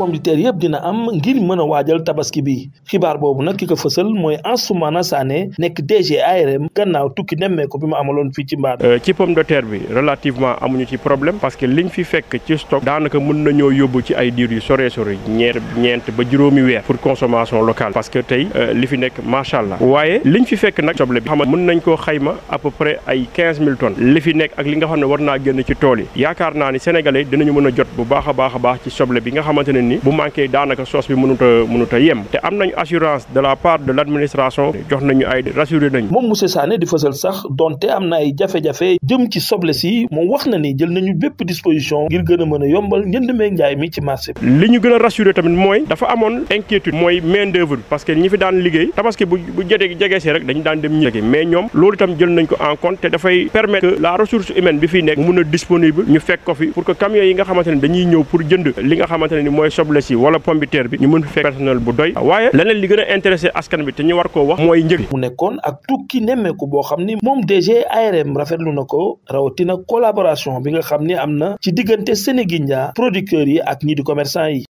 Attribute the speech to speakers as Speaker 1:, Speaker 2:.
Speaker 1: pomme de terre yëpp dina am ngir mën a waajal tabaski bi xibaar boobu nag ki ko fësal mooy Ansoumana Sané nekk DG ARM gannaaw tukki nemmeeku bi mu amaloon fii ci mbaar
Speaker 2: euh, ci pomme de terre bi relativement amuñu ci problème parce que liñ fi ba juróomi weer pour consommation locale parce que euh, fi nekk macha allah waaye liñ fi fekk nag soble bi xam nañ koo xayma à peu près ay mille tonnes li fi nekk ak li nga xam ne war naa génn ci tool yaakaar naa ni sénégalais dinañu mën a jot bu baax a baax a baax ci soble ni bu manké danaka sos bi mënuta mënuta yem té am nañ assurance de la part de l'administration jox nañu ay rassuré nañ mom monsieur
Speaker 1: Sané di fessel sax donte am na ay jafé jafé dem ci soble si mom wax na ni jël nañu bép disposition ngir gëna mëna yombal ñënd mé ñay mi ci marché bi
Speaker 2: li ñu gën rassuré tamit moy dafa amone inquiétude moy main d'œuvre parce que ñi fi daan liggéey tabaski bu bu jege jege si rek dañu daan dem ñëge mais ñom lolu tam jël nañ ko en compte té da fay permettre que la ressource humaine bi fi nek mun a disponible ñu fekk ko fi pour que camion yi nga xamanteni dañuy ñëw pour jënd li nga xamanteni moy soble si wala pombiteer bi ñu mën fi fekk personnel bu doy waaye leneen li gën a askan bi te ñu war koo wax mooy njëg mu nekkoon ak tukki nemmeeku
Speaker 1: boo xam ni moom DG ARM lu na ko rawatina collaboration bi nga xam ni am na ci diggante Sénégindia producteurs yi ak ñi di commerçant yi